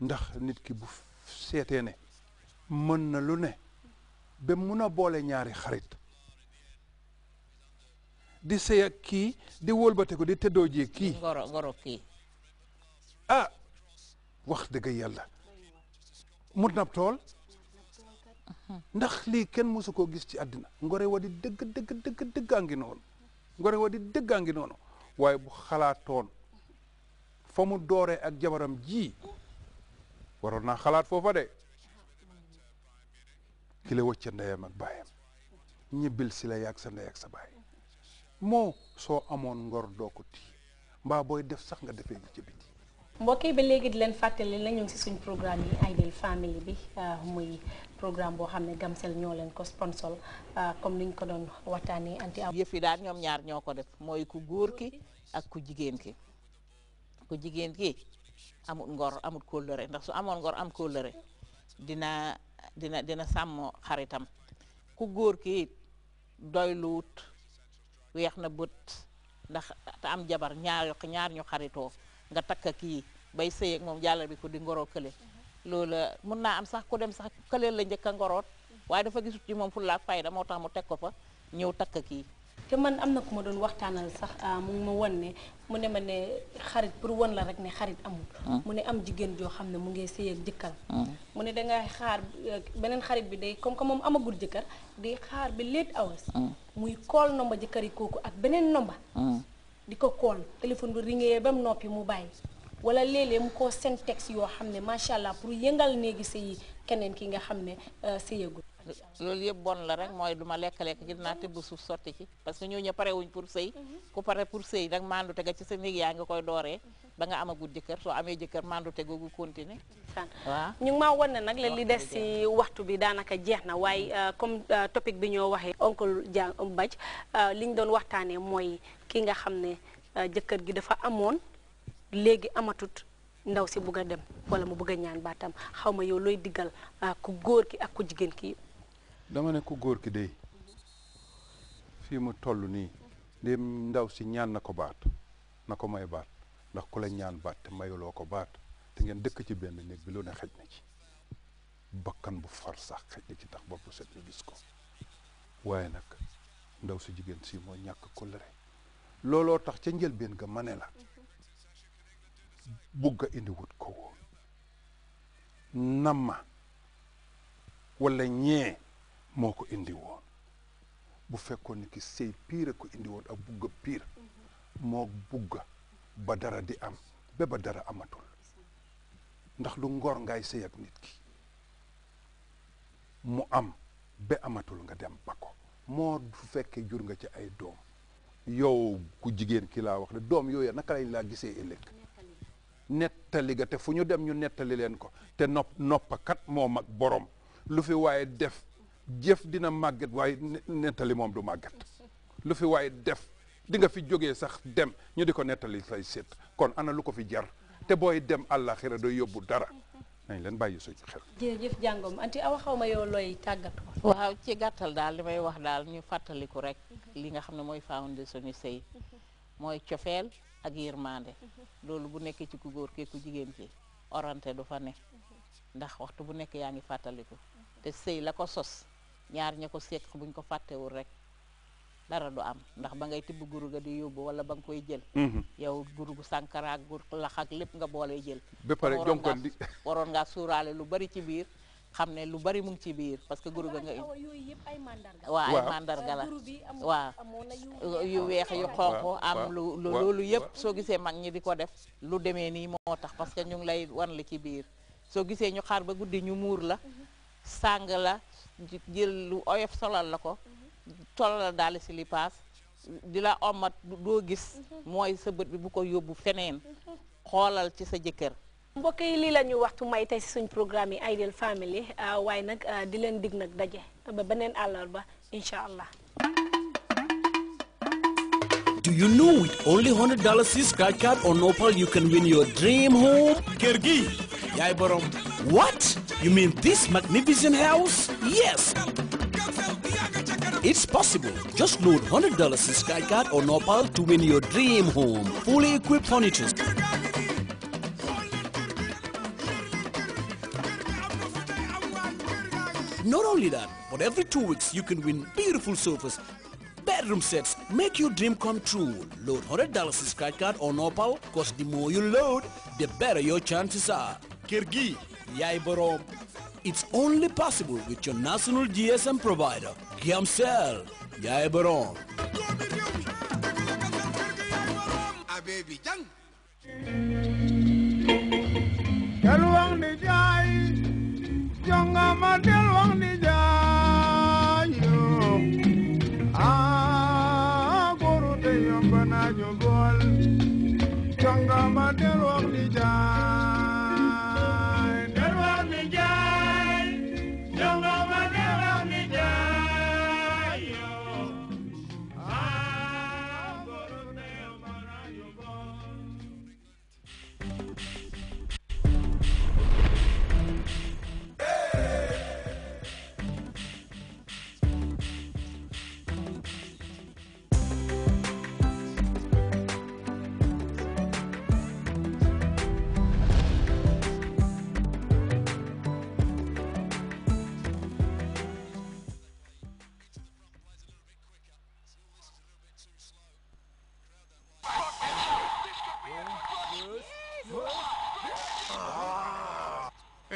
ndax nit ki bu seetee ne mën na lu ne ba mun a boole ñaari xarit di sëy ak kii di wëlbate di tëddoo jee kii ngoro kii ah wax dëgg yàlla mut nab tool ndax lii kenn mosu koo gis ci àddina ngore wa di dëgg dëgg dëgg dëggaa ngi noonu ngore wa di dëggaa ngi noonu waaye bu xalaatoon fa mu dooree ak jabaram jii waroon naa xalaat foofa de ki la wacca ndeyam ak baayam ñibbil si la yàgg sa ndey ak sa baay moo soo amoon ngor doo ko ti mbaa booy def sax nga defee ci biti mbokk yi ba léegi di leen fàttali la ñu si suñ programme yi Ideal Family bi ah, muy programme boo xam ne Gamcel ñoo leen ko sponsor ah, comme niñ ko doon waxtaanee anti am yëf yi daal ñoom ñaar ñoo ko def mooy ku góor ki ak ku jigéen ki ku jigéen ki amut ngor amut kóllëre ndax su amoon ngor am kóllëre dina dina dina sàmm xaritam ku góor ki doy luwut weex na bët ndax te am jabar ñaar ñaar ñu xaritoo nga takka kii bay sëy ak moom jàllal bi ko di ngoro kële loola mun naa am sax ko dem sax këleel la njëkk a ngoroot mm-hmm. waaye dafa gisut ci moom fulla ak fayda moo tax mu teg ko fa ñëw takka kii te man am na ku ma doon waxtaanal sax ah, mu ngi ma won ne mu ne ma ne xarit pour won la rek ne xarit amul. Hmm. mu ne am jigéen joo xam ne mu ngi sëy ak hmm. mu ne dangay xaar eh, beneen xarit bi day comme que moom amagul jëkkër di xaar bi late hours. Hmm. muy kool nomba jëkkër yi kooku ak beneen nomba. di ko kool téléphone bi ringee ba mu noppi mu bàyyi. wala léeg-léeg mu koo seen texte yoo xam ne macha allah pour yëngal néegi sëyi keneen ki nga xam ne eh, sëyagul. loolu yëpp bon la rek mooy duma ma lekk-lekk ci dinaa tëbb suuf sotti ci parce que ñoo ñë pare wuñ pour sëy mhm. ku pare pour sëy nag mandu tega ci sa néeg yaa nga koy dooree ba nga amagut jëkkër soo amee jëkkër mandu te googu waaw ñu ngi maa ne nag la li des si waxtu bi daanaka jeex na waaye mm. euh, comme euh, topic bi ñoo waxee oncle Dia Mbaj euh, li ñu doon waxtaanee mooy ki nga xam ne jëkkër gi dafa amoon léegi amatut ndaw si bëgg a dem wala mu bëgg a ñaan baatam xaw ma yow looy diggal ku góor ki ak ku jigéen ki dama ne ku góor ki day fii mu toll nii de ndaw si ñaan na ko baat na ko may baat ndax ku la ñaan baat te mayuloo ko baat te ngeen dëkk ci benn néeg bi lu ne xaj na ci bakkan bu far sax xaj na ci tax bopp set ñu gis ko waaye nag ndaw si jigéen si moo ñàkk kóllëre looloo tax ca njëlbéen ga ma ne la bugg a indi ko woon nama wala ñee moo ko indi woon bu fekkoon ni ki sëy piir a ko indi woon ak bugga piir moo bugga ba dara di am ba ba dara amatul ndax lu ngor ngay sëy ak nit ki mu am ba amatul nga dem ba ko moo du fekkee jur nga ci ay doom yow ku jigéen ki laa wax ne doom yooyu naka lañ laa gisee ëllëg nettali ga te fu ñu dem ñu nettali leen ko te nopp noppakat moom ak boroom lu fi waaye def jëf dina màgget waaye nettali moom du màgget lu fi waaye def di nga fi jóge sax dem ñu di ko nettali say set kon ana lu ko fi jar te booy dem àllaaxira doo yóbbu dara nañ leen bàyyi suñu xel. jërëjëf jàngom anti awa xaw ma yow looy tàggatoo. waaw ci gàttal daal li may wax daal ñu fàttaliku rek li nga xam ne mooy fondation suñu sëy mooy cofeel ak yërmande loolu bu nekkee ci ku góor kee jigéen ci orante du fa ne ndax waxtu bu nekk yaa ngi fàttaliku te la ko sos. ñaar ña ko séq buñ ko fàttewul rek dara du am ndax ba ngay tibb guru ga di yóbbu wala ba nga koy jël mhm. yow guru gu sànkara ak lépp nga boole jël ba pare waroon ngaa suuraale lu bari ci biir xam ne lu bari mu ngi ci biir parce que guru ga nga indi waaw ay mandarga la waa yu weex yu xonq am lu loolu yëpp soo gisee mag ñi di ko def lu demee nii moo tax parce que ñu ngi lay wan la ci biir soo gisee ñu xaar ba guddi ñu muur la mhm. sàng la jël lu oyof solal la ko solal la daal si li di la omat doo gis mooy sa bët bi bu ko yóbbu feneen xoolal ci sa jëkkër mbokk yi lii la ñu waxtu may tey si suñ programme yi Ideal Family ah, waaye nag ah, di leen dig nag daje ba beneen àllarba incha allah Do you know with only $100 card or Nopal you can win your dream home? Kër gi yaay borom What? You mean this magnificent house? Yes. It's possible. Just load $100 in SkyCard or Nopal to win your dream home. Fully equipped furniture. Not only that, but every two weeks you can win beautiful sofas, bedroom sets. Make your dream come true. Load $100 in SkyCard or Nopal, cause the more you load, the better your chances are. Kirgi. Yaiborom. It's only possible with your national GSM provider, Giamcell Yaiborom. Ah, Telwang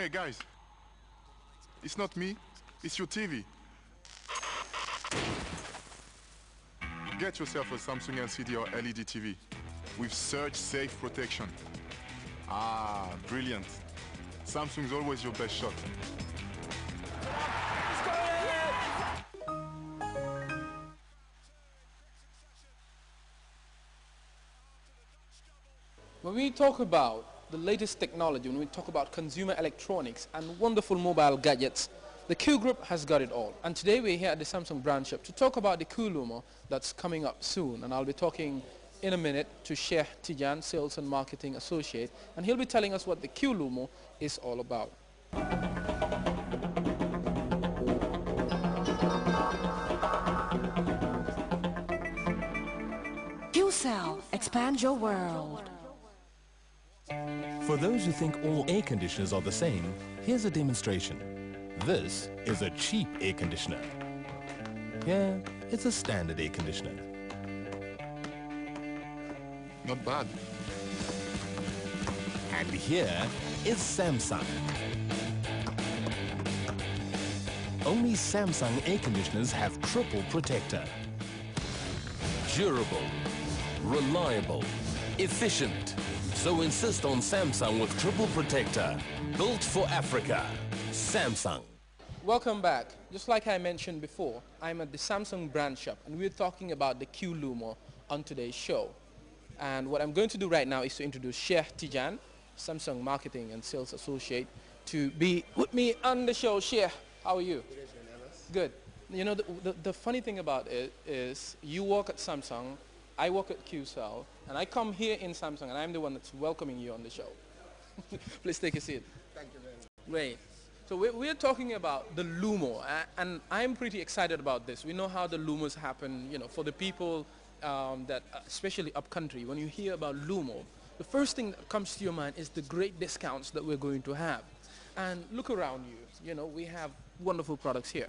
Hey, guys. It's not me. It's your TV. Get yourself a Samsung LCD or LED TV with Surge Safe Protection. Ah, brilliant. Samsung's always your best shot. When we talk about the latest technology, when we talk about consumer electronics and wonderful mobile gadgets, the Q Group has got it all. And today we're here at the Samsung brand shop to talk about the Q Lumo that's coming up soon. And I'll be talking in a minute to Sheikh Tijan, Sales and Marketing Associate, and he'll be telling us what the Q Lumo is all about. Q Cell, expand your world. For those who think all air conditioners are the same, here's a demonstration. This is a cheap air conditioner. Yeah, it's a standard air conditioner. Not bad. And here is Samsung. Only Samsung air conditioners have triple protector. Durable, reliable, efficient so insist on Samsung with triple protector. Built for Africa. Samsung. Welcome back. Just like I mentioned before, I'm at the Samsung brand shop and we're talking about the Q Lumo on today's show. And what I'm going to do right now is to introduce Sheikh Tijan, Samsung Marketing and Sales Associate, to be with me on the show. Sheikh, how are you? Good. You know, the, the, the funny thing about it is you work at Samsung I work at QCell, and I come here in Samsung, and I'm the one that's welcoming you on the show. Please take a seat. Thank you very much. Great. So we're, we're talking about the Lumo, uh, and I'm pretty excited about this. We know how the Lumos happen, you know, for the people um, that, uh, especially upcountry, when you hear about Lumo, the first thing that comes to your mind is the great discounts that we're going to have. And look around you, you know, we have wonderful products here.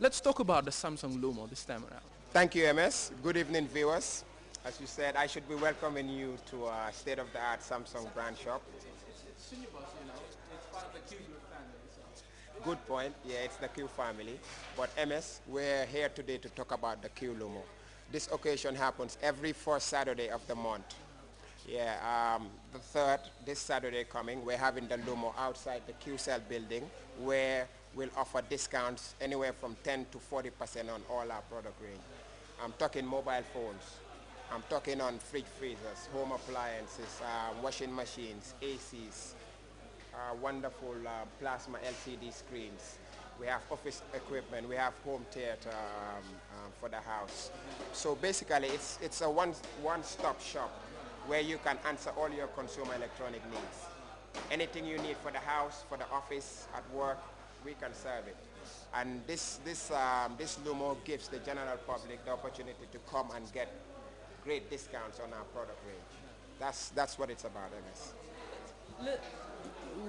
Let's talk about the Samsung Lumo this time around. Thank you, MS. Good evening, viewers. As you said, I should be welcoming you to a state-of-the-art Samsung brand shop. It's, you know, it's part of the family. So. Good point. Yeah, it's the Q family. But MS, we're here today to talk about the Q Lomo. This occasion happens every first Saturday of the month. Yeah, um, the third, this Saturday coming, we're having the Lomo outside the Q Cell building where we'll offer discounts anywhere from 10 to 40% on all our product range. I'm talking mobile phones. I'm talking on fridge freezers, home appliances, um, washing machines, ACs, uh, wonderful uh, plasma LCD screens. We have office equipment. We have home theater um, um, for the house. So basically, it's, it's a one, one-stop shop where you can answer all your consumer electronic needs. Anything you need for the house, for the office, at work, we can serve it. And this, this, um, this Lumo gives the general public the opportunity to come and get great discounts on our product range. That's, that's what it's about, MS. Look,